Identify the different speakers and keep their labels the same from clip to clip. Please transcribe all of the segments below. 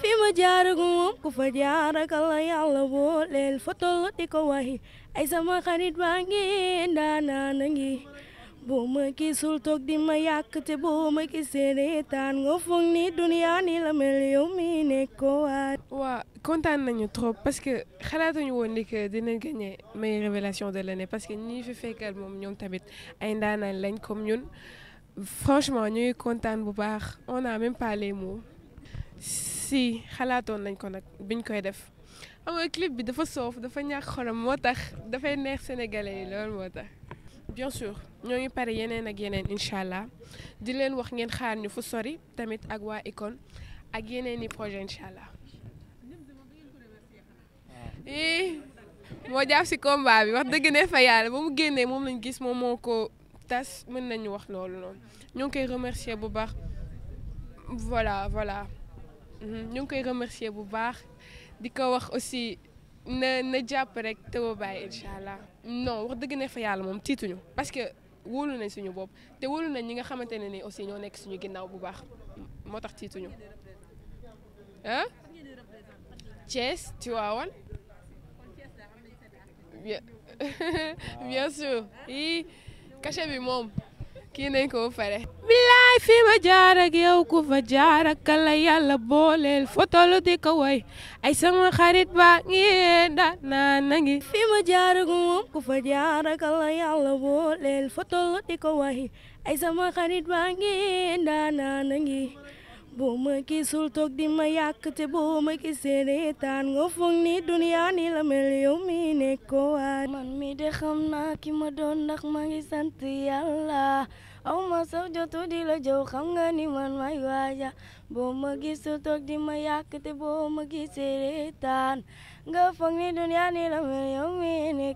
Speaker 1: fi ma jaaragu moom ku fa jaaraka la booleel fa di ko waxi ay sama xarit baa ngi ndaanaan a ngi boo ma gisul toog di ma yàq te boo ma gisee reetaan nga foog ni duniya ni la mel mi nekkoo waat kontaan nañu trop parce que xalaatuñu woon ni que dinañ gagné
Speaker 2: may révélation de l'année parce que ni fi fekkal moom ñoom tamit ay ndaanaan lañ comme ñun franchement ñuy kontaan bu baax on a même pas les si xalaatoon nañ ko nag biñ koy def xam clip bi dafa soof dafa ñàkk xolam moo tax dafay neex sénégalais yi loolu moo tax. bien sûr ñoo ngi pare yeneen ak yeneen incha allah di leen wax ngeen xaar ñu fu sori tamit ak waa Icon ak yeneen i projet incha allah. moo jaaf si combat bi wax dëgg ne fa yàlla ba mu génnee moom lañ gis moom moo ko tas mën nañu wax loolu noonu ñoo koy remercier bu baax voilà voilà. Mhm. ñu ngi koy remercier bu baax di ko wax aussi na na jàpp rek te ba bàyyi incha allah non wax dëgg na fa yàlla moom tiituñu parce que wóolu nañ suñu bopp te wóolu nañ ñi nga xamante ne ni aussi ñoo nekk suñu ginnaaw bu baax moo tax tiituñu ah. Thiès Tivaouane. bien bien sûr. yii bi moom kii nañ ko ba yaay fi ma jaar ak yow ku kala yàlla booleel
Speaker 1: fotolu di ko ay sama xarit baa ngi nda naa fi ma jaar ak moom ku fa jaar kala yàlla booleel fotolu di ko ay sama xarit baa ngi nda naa na boo ma gisul toog di ma yàq te boo ma gisee reetaan nga foog ni duniya ni la mel mi nekk ko waat man mi de xam naa ki ma doon ndax ma ngi sant yàlla aw ma sax jotu di la jëw xam nga ni man may waaja boo ma gisul toog di ma yàq te boo ma gisee reetaan nga foog ni duniyaa ni la mel yow mi ni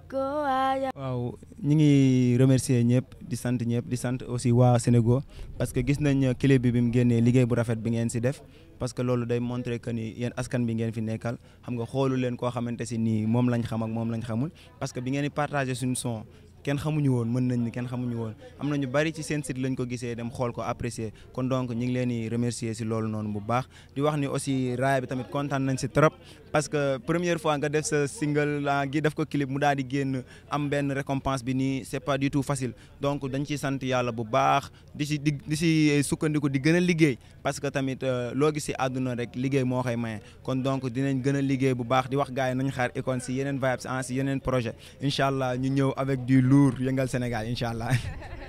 Speaker 1: waaja
Speaker 3: waaw ñi ngi remercier ñëpp di sant ñëpp di sant aussi waa Sénégal parce que gis nañ clip bi bi mu génnee liggéey bu rafet bi ngeen si def parce que loolu day montrer que ni yéen askan bi ngeen fi nekkal xam nga xoolu leen koo xamante si nii moom lañ xam ak moom lañ xamul parce que bi ngeen di partager suñu son kenn xamuñu woon mën nañ ni kenn xamuñu woon am na ñu bari ci seen site lañ ko gisee dem xool ko apprécier kon donc ñu ngi leen di remercier si loolu noonu bu baax wax ni aussi raaya bi tamit kontaan nañ si trop parce que première fois nga def sa single ah, gi def ko clip mu daal di génn am benn récompense bi nii c'est pas du tout facile donc dañ ciy sant yàlla bu baax di si di si sukkandiku di gën a liggéey parce que tamit euh, loo gis si àdduna rek liggéey moo koy maye kon donc dinañ gën a liggéey bu baax di wax gars yi nañ xaar Akon si yeneen vibes en ah, si yeneen projet incha ñu ñëw avec du lourd yëngal Sénégal incha allah.